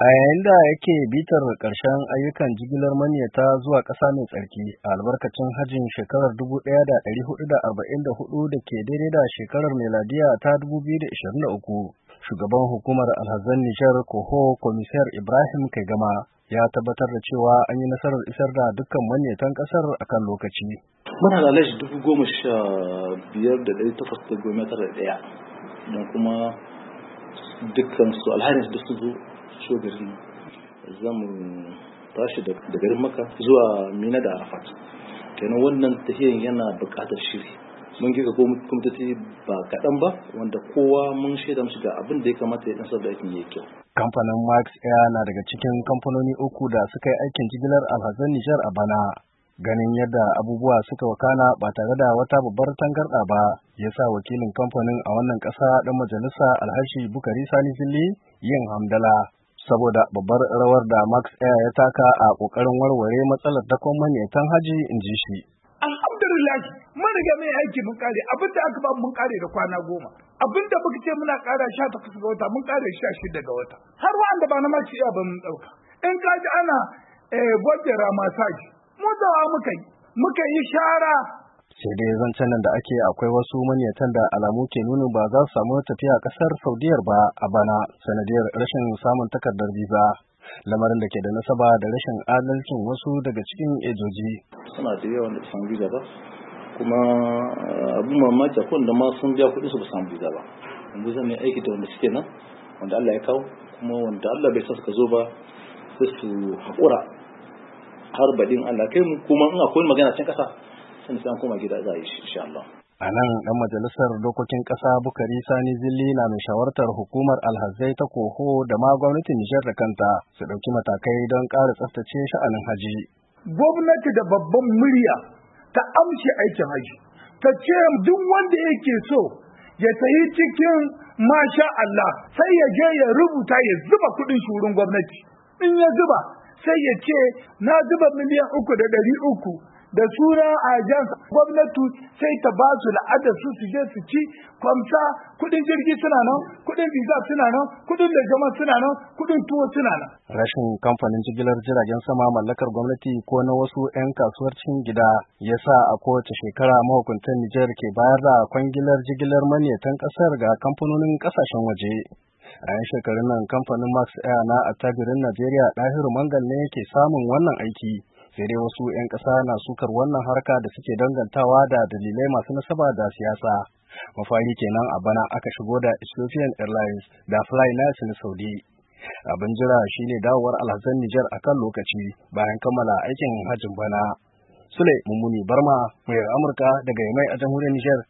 a yayin da yake bitar ƙarshen ayyukan jigilar manyata zuwa ƙasa mai tsarki a albarkacin hajjin shekarar 1444 da ke daidai da shekarar meladiya ta 2023 shugaban hukumar alhazan nijar koho komisar ibrahim kaigama ya tabbatar da cewa an yi nasarar isar da dukkan manyatan ƙasar kan lokaci muna da dubu goma sha biyar da ɗari takwas da goma tara da ɗaya don kuma dukkan su alhari da su zo iso gari za mu tashi da garin maka zuwa mina da arafat kenan wannan tahiyan yana buƙatar shiri mun girka kwamitoci ba kaɗan ba wanda kowa mun shaida musu ga abin da ya kamata ya ɗansar da aikin ya kyau. kamfanin max air na daga cikin kamfanoni uku da suka yi aikin jigilar alhazan nijar a bana ganin yadda abubuwa suka wakana ba tare da wata babbar tangarɗa ba ya sa wakilin kamfanin a wannan ƙasa ɗan majalisa alhashi bukari sani zilli yin hamdala saboda babbar rawar da Max Air ya taka a kokarin warware matsalar kuma manyatan haji in ji shi. Alhamdulillah mun riga mai aiki mun kare abin da aka ba mun kare da kwana goma abin da muka ce muna kara sha ga wata mun kare 16 shida ga wata har wa'anda ba na Max Air ba mun dauka in ka ji ana eh, gwajera masaji mu da muka yi muka yi shara sai dai zancen nan da ake akwai wasu maniyatan da alamu ke nuna ba za su samu tafiya kasar saudiyar ba a bana sanadiyar rashin samun takardar biza lamarin da ke da nasaba da rashin adalcin wasu daga cikin ejoji suna da yawan da samu biza ba kuma eh, abin mamaki akwai da ma sun biya kuɗi su ba samu biza ba yanzu zan yi aiki da wanda suke nan wanda Allah ya kawo kuma wanda Allah bai sa suka zo ba sai su haƙura har badin Allah kai mu kuma in akwai magana can ƙasa in gida za a yi Allah a nan ɗan majalisar dokokin ƙasa bukari sani zilli na mai shawartar hukumar alhazai ta koho da ma gwamnatin nijar da kanta su ɗauki matakai don ƙara tsaftace sha'anin haji gwamnati da babban murya ta amshi aikin haji ta ce duk wanda yake so ya tayi cikin masha Allah sai ya je ya rubuta ya zuba kuɗin shurin gwamnati in ya zuba sai ya ce na zuba miliyan uku da ɗari uku da sura ajan gwamnati sai ta ba su la'adar su su je su ci kwamsa kudin jirgi suna nan kudin visa suna nan kudin da jama suna nan kudin tuwo suna nan rashin kamfanin jigilar jiragen sama mallakar gwamnati ko na wasu 'yan kasuwar cikin gida ya sa a kowace shekara mahukuntan Nijar ke bayar da kwangilar jigilar manyatan kasar ga kamfanonin kasashen waje a yan shekarun nan kamfanin max air na a tabirin najeriya ɗahiru mangal ne ke samun wannan aiki sai dai wasu 'yan ƙasa na sukar wannan harka da suke dangantawa da dalilai masu nasaba da siyasa mafari kenan a bana aka shigo da ethiopian airlines da fly na saudi abin jira shine dawowar alhazan nijar kan lokaci bayan kammala aikin hajjin bana sule mummuni barma mayar amurka daga yamai a jamhuriyar nijar